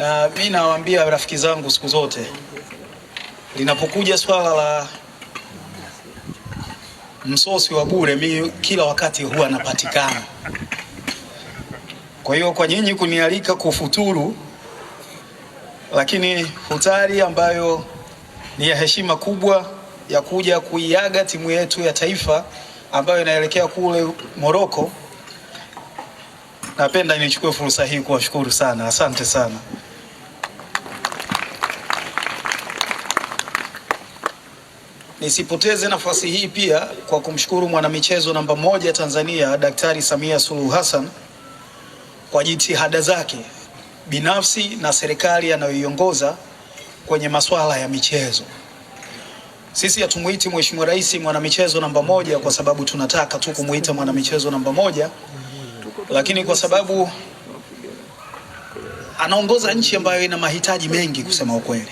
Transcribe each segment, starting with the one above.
na mi nawaambia rafiki zangu siku zote, linapokuja swala la msosi wa bure, mi kila wakati huwa napatikana. Kwa hiyo kwa nyinyi kunialika kufuturu, lakini futari ambayo ni ya heshima kubwa ya kuja kuiaga timu yetu ya taifa ambayo inaelekea kule Moroko, napenda nichukue fursa hii kuwashukuru sana. Asante sana. Nisipoteze nafasi hii pia kwa kumshukuru mwanamichezo namba moja Tanzania Daktari Samia Suluhu Hassan kwa jitihada zake binafsi na serikali anayoiongoza kwenye masuala ya michezo. Sisi hatumuiti Mheshimiwa Rais mwanamichezo namba moja kwa sababu tunataka tu kumuita mwanamichezo namba moja, lakini kwa sababu anaongoza nchi ambayo ina mahitaji mengi kusema ukweli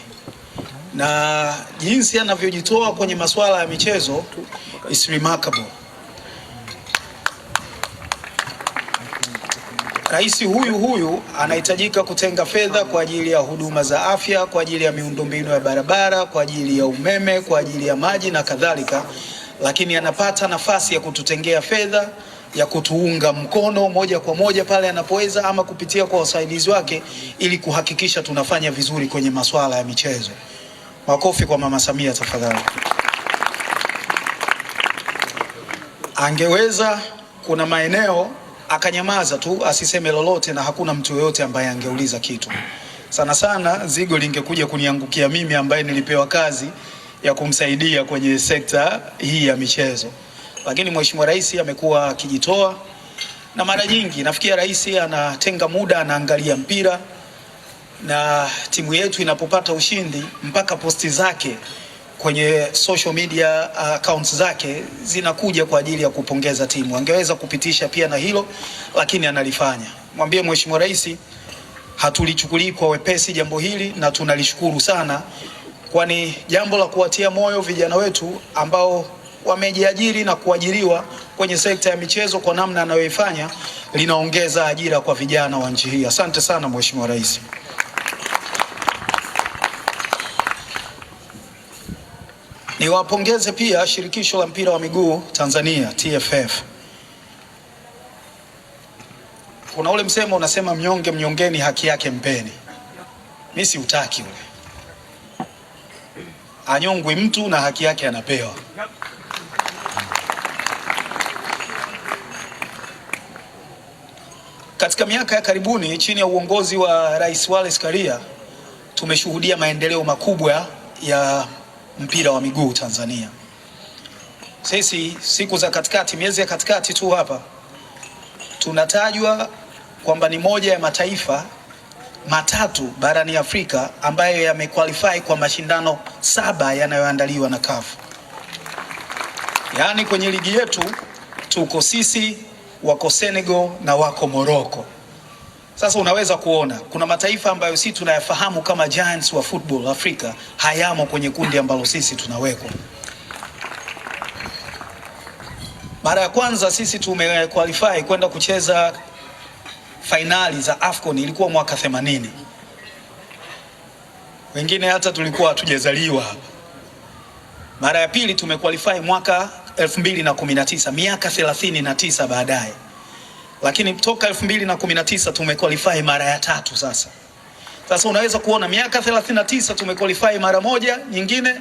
na jinsi anavyojitoa kwenye masuala ya michezo is remarkable. Rais huyu huyu anahitajika kutenga fedha kwa ajili ya huduma za afya, kwa ajili ya miundombinu ya barabara, kwa ajili ya umeme, kwa ajili ya maji na kadhalika, lakini anapata nafasi ya kututengea fedha ya kutuunga mkono moja kwa moja pale anapoweza ama kupitia kwa wasaidizi wake ili kuhakikisha tunafanya vizuri kwenye masuala ya michezo. Makofi kwa Mama Samia tafadhali. Angeweza, kuna maeneo akanyamaza tu asiseme lolote, na hakuna mtu yoyote ambaye angeuliza kitu. Sana sana zigo lingekuja kuniangukia mimi ambaye nilipewa kazi ya kumsaidia kwenye sekta hii ya michezo, lakini Mheshimiwa Rais amekuwa akijitoa, na mara nyingi nafikia rais anatenga muda anaangalia mpira na timu yetu inapopata ushindi mpaka posti zake kwenye social media uh, accounts zake zinakuja kwa ajili ya kupongeza timu. Angeweza kupitisha pia na hilo, lakini analifanya. Mwambie Mheshimiwa Rais, hatulichukulii kwa wepesi jambo hili na tunalishukuru sana, kwani jambo la kuwatia moyo vijana wetu ambao wamejiajiri na kuajiriwa kwenye sekta ya michezo kwa namna anayoifanya linaongeza ajira kwa vijana wa nchi hii. Asante sana Mheshimiwa Rais. Niwapongeze pia shirikisho la mpira wa miguu Tanzania TFF. Kuna ule msemo unasema, mnyonge mnyongeni, haki yake mpeni. Mimi siutaki ule, anyongwi mtu na haki yake anapewa. Katika miaka ya karibuni chini ya uongozi wa Rais Wallace Karia tumeshuhudia maendeleo makubwa ya mpira wa miguu Tanzania. Sisi siku za katikati, miezi ya katikati tu hapa tunatajwa kwamba ni moja ya mataifa matatu barani Afrika ambayo yamequalify kwa mashindano saba yanayoandaliwa na CAF. Yaani kwenye ligi yetu tuko sisi, wako Senegal na wako Morocco. Sasa unaweza kuona kuna mataifa ambayo si tunayafahamu kama giants wa football Afrika hayamo kwenye kundi ambalo sisi tunawekwa. Mara ya kwanza sisi tume qualify kwenda kucheza fainali za AFCON ilikuwa mwaka 80. Wengine hata tulikuwa hatujazaliwa. Mara ya pili qualify mwaka 2019, miaka 39 baadaye lakini toka 2019 tumequalify mara ya tatu sasa. Sasa unaweza kuona miaka 39 tumequalify mara moja nyingine,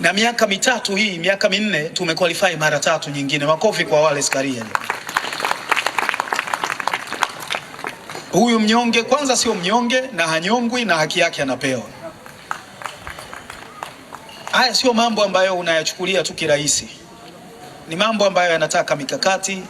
na miaka mitatu hii, miaka minne tumequalify mara tatu nyingine. Makofi kwa wale Karia. Huyu mnyonge kwanza sio mnyonge na hanyongwi na haki yake anapewa. Haya sio mambo ambayo unayachukulia tu kirahisi, ni mambo ambayo yanataka mikakati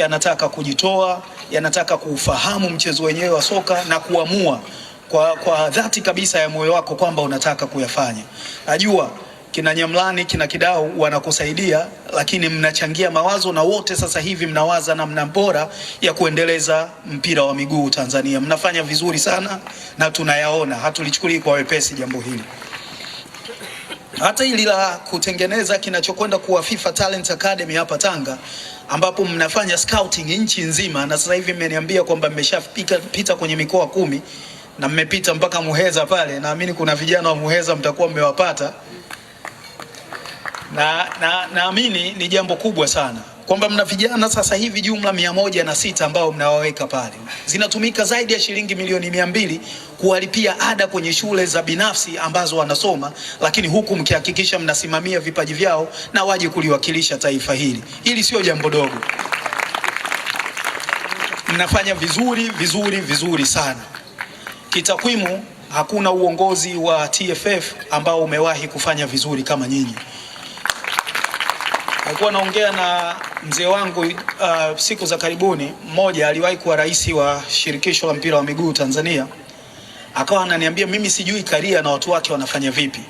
yanataka kujitoa, yanataka kuufahamu mchezo wenyewe wa soka na kuamua kwa, kwa dhati kabisa ya moyo wako kwamba unataka kuyafanya. Najua kina Nyamlani kina Kidau wanakusaidia, lakini mnachangia mawazo na wote sasa hivi mnawaza namna bora ya kuendeleza mpira wa miguu Tanzania. Mnafanya vizuri sana na tunayaona, hatulichukulii kwa wepesi jambo hili. Hata hili la kutengeneza kinachokwenda kuwa FIFA Talent Academy hapa Tanga ambapo mnafanya scouting nchi nzima, na sasa hivi mmeniambia kwamba mmeshapita pita kwenye mikoa kumi na mmepita mpaka Muheza pale. Naamini kuna vijana wa Muheza mtakuwa mmewapata, na naamini na ni jambo kubwa sana kwamba mna vijana sasa hivi jumla mia moja na sita ambao mnawaweka pale, zinatumika zaidi ya shilingi milioni mia mbili kuwalipia ada kwenye shule za binafsi ambazo wanasoma, lakini huku mkihakikisha mnasimamia vipaji vyao na waje kuliwakilisha taifa hili. Hili sio jambo dogo, mnafanya vizuri vizuri vizuri sana. Kitakwimu, hakuna uongozi wa TFF ambao umewahi kufanya vizuri kama nyinyi. Nilikuwa naongea na mzee wangu uh, siku za karibuni. Mmoja aliwahi kuwa rais wa shirikisho la mpira wa miguu Tanzania, akawa ananiambia mimi sijui Karia na watu wake wanafanya vipi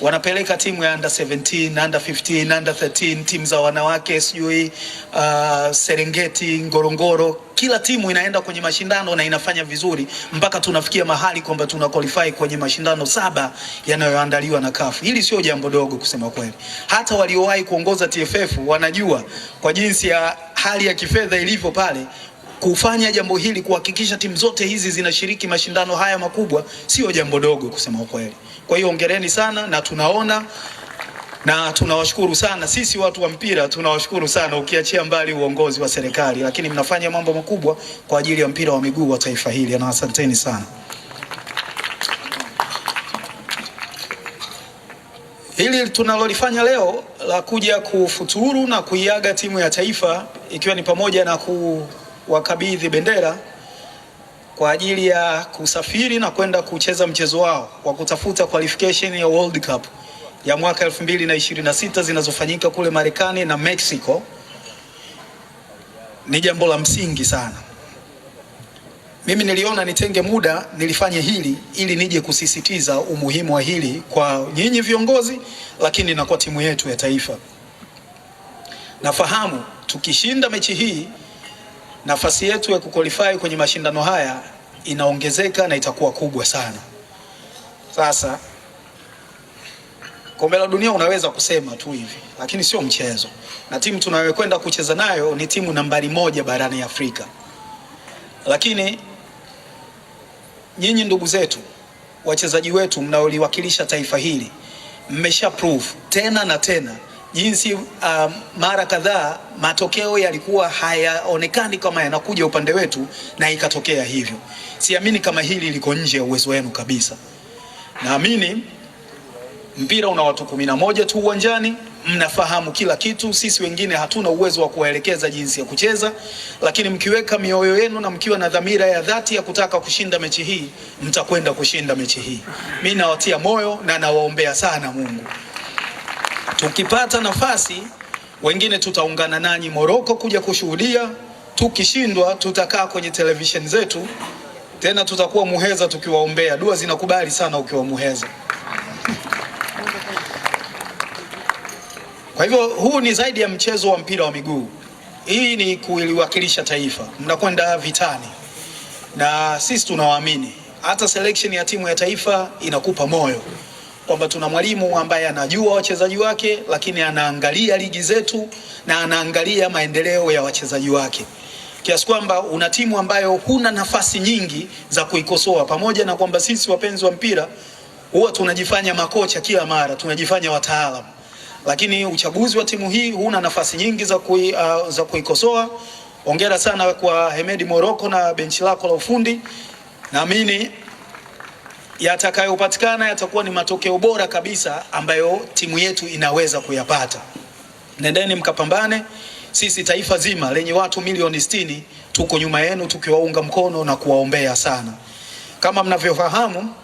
wanapeleka timu ya under 17, under 15, under 13, timu za wanawake sijui uh, Serengeti, Ngorongoro, kila timu inaenda kwenye mashindano na inafanya vizuri mpaka tunafikia mahali kwamba tuna qualify kwenye mashindano saba yanayoandaliwa na CAF. Hili sio jambo dogo kusema kweli. Hata waliowahi kuongoza TFF wanajua kwa jinsi ya hali ya kifedha ilivyo pale kufanya jambo hili kuhakikisha timu zote hizi zinashiriki mashindano haya makubwa sio jambo dogo kusema kweli. Kwa hiyo ongereni sana, na tunaona na tunawashukuru sana sisi watu wa mpira, tunawashukuru sana ukiachia mbali uongozi wa serikali, lakini mnafanya mambo makubwa kwa ajili ya mpira wa miguu wa taifa hili, na asanteni sana. Hili tunalolifanya leo la kuja kufuturu na kuiaga timu ya taifa, ikiwa ni pamoja na kuwakabidhi bendera kwa ajili ya kusafiri na kwenda kucheza mchezo wao wa kutafuta qualification ya World Cup ya mwaka 2026 zinazofanyika kule Marekani na Mexico ni jambo la msingi sana. Mimi niliona nitenge muda nilifanye hili ili nije kusisitiza umuhimu wa hili kwa nyinyi viongozi, lakini na kwa timu yetu ya taifa. Nafahamu tukishinda mechi hii nafasi yetu ya kuqualify kwenye mashindano haya inaongezeka na itakuwa kubwa sana. Sasa kombe la dunia unaweza kusema tu hivi, lakini sio mchezo, na timu tunayokwenda kucheza nayo ni timu nambari moja barani Afrika. Lakini nyinyi ndugu zetu, wachezaji wetu mnaoliwakilisha taifa hili, mmesha prove tena na tena jinsi uh, mara kadhaa matokeo yalikuwa hayaonekani kama yanakuja upande wetu na ikatokea hivyo. Siamini kama hili liko nje ya uwezo wenu kabisa. Naamini mpira una watu kumi na moja tu uwanjani, mnafahamu kila kitu. Sisi wengine hatuna uwezo wa kuwaelekeza jinsi ya kucheza, lakini mkiweka mioyo yenu na mkiwa na dhamira ya dhati ya kutaka kushinda mechi hii, mtakwenda kushinda mechi hii. Mimi nawatia moyo na nawaombea sana Mungu Tukipata nafasi, wengine tutaungana nanyi Moroko kuja kushuhudia. Tukishindwa tutakaa kwenye televisheni zetu, tena tutakuwa Muheza tukiwaombea. Dua zinakubali sana ukiwa Muheza. Kwa hivyo huu ni zaidi ya mchezo wa mpira wa miguu, hii ni kuliwakilisha taifa. Mnakwenda vitani, na sisi tunawaamini. Hata selection ya timu ya taifa inakupa moyo kwamba tuna mwalimu ambaye anajua wachezaji wake, lakini anaangalia ligi zetu na anaangalia maendeleo ya wachezaji wake kiasi kwamba una timu ambayo huna nafasi nyingi za kuikosoa, pamoja na kwamba sisi wapenzi wa mpira huwa tunajifanya makocha kila mara, tunajifanya wataalamu, lakini uchaguzi wa timu hii huna nafasi nyingi za, kui, uh, za kuikosoa. Ongera sana kwa Hemedi Moroko na benchi lako la ufundi, naamini yatakayopatikana yatakuwa ni matokeo bora kabisa ambayo timu yetu inaweza kuyapata. Nendeni mkapambane. Sisi taifa zima lenye watu milioni sitini tuko nyuma yenu tukiwaunga mkono na kuwaombea sana. Kama mnavyofahamu,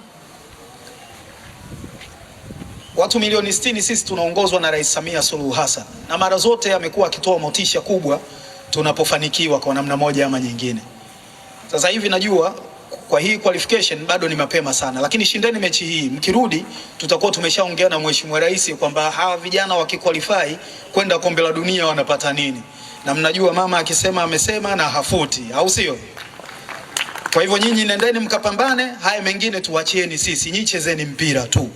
watu milioni sitini sisi tunaongozwa na Rais Samia Suluhu Hassan, na mara zote amekuwa akitoa motisha kubwa tunapofanikiwa kwa namna moja ama nyingine. Sasa hivi najua kwa hii qualification bado ni mapema sana, lakini shindeni mechi hii. Mkirudi tutakuwa tumeshaongea na Mheshimiwa Rais kwamba hawa vijana wakiqualify kwenda kombe la dunia wanapata nini, na mnajua mama akisema amesema na hafuti, au sio? Kwa hivyo nyinyi nendeni mkapambane, haya mengine tuwachieni sisi, nyinyi chezeni mpira tu.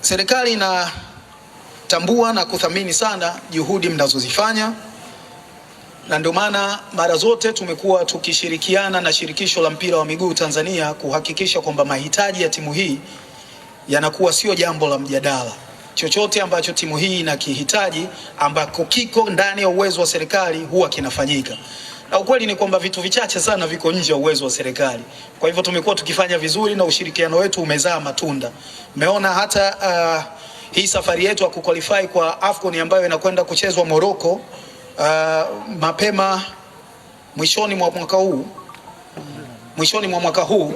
Serikali inatambua na kuthamini sana juhudi mnazozifanya na ndio maana mara zote tumekuwa tukishirikiana na shirikisho la mpira wa miguu Tanzania kuhakikisha kwamba mahitaji ya timu hii yanakuwa sio jambo la mjadala. Chochote ambacho timu hii inakihitaji ambako kiko ndani ya uwezo wa serikali huwa kinafanyika, na ukweli ni kwamba vitu vichache sana viko nje ya uwezo wa serikali. Kwa hivyo tumekuwa tukifanya vizuri na ushirikiano wetu umezaa matunda. Mmeona hata uh, hii safari yetu ya kuqualify kwa AFCON ambayo inakwenda kuchezwa Morocco uh, mapema mwishoni mwa mwaka huu mwishoni mwa mwaka huu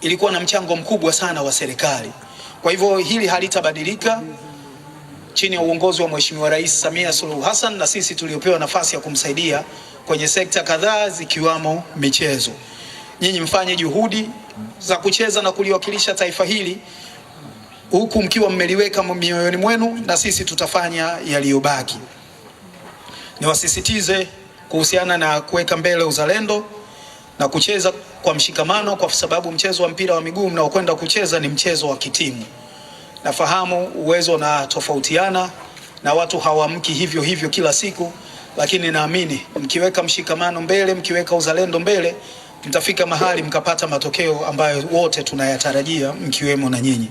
ilikuwa na mchango mkubwa sana wa serikali. Kwa hivyo hili halitabadilika chini ya uongozi wa Mheshimiwa Rais Samia Suluhu Hassan, na sisi tuliopewa nafasi ya kumsaidia kwenye sekta kadhaa zikiwamo michezo. Nyinyi mfanye juhudi za kucheza na kuliwakilisha taifa hili huku mkiwa mmeliweka mioyoni mwenu, na sisi tutafanya yaliyobaki niwasisitize kuhusiana na kuweka mbele uzalendo na kucheza kwa mshikamano, kwa sababu mchezo wa mpira wa miguu mnaokwenda kucheza ni mchezo wa kitimu. Nafahamu uwezo na tofautiana na watu hawamki hivyo hivyo kila siku, lakini naamini mkiweka mshikamano mbele, mkiweka uzalendo mbele, mtafika mahali mkapata matokeo ambayo wote tunayatarajia mkiwemo na nyinyi.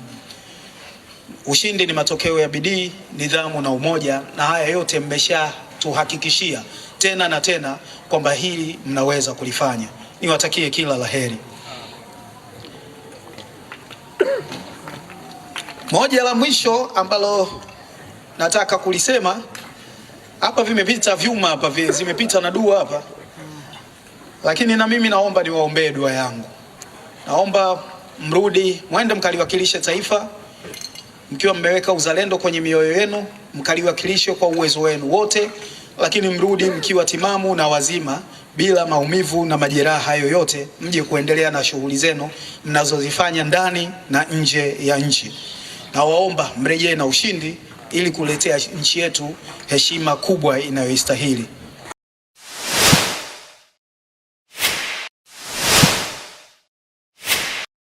Ushindi ni matokeo ya bidii, nidhamu na umoja, na haya yote mmesha kutuhakikishia tena na tena kwamba hili mnaweza kulifanya. Niwatakie kila la heri. Moja la mwisho ambalo nataka kulisema hapa, vimepita vyuma hapa, zimepita na dua hapa, lakini na mimi naomba niwaombee dua yangu. Naomba mrudi, mwende mkaliwakilishe taifa mkiwa mmeweka uzalendo kwenye mioyo yenu mkaliwakilishe kwa uwezo wenu wote, lakini mrudi mkiwa timamu na wazima bila maumivu na majeraha hayo yote mje kuendelea na shughuli zenu mnazozifanya ndani na nje ya nchi. Na waomba mrejee na ushindi ili kuletea nchi yetu heshima kubwa inayoistahili.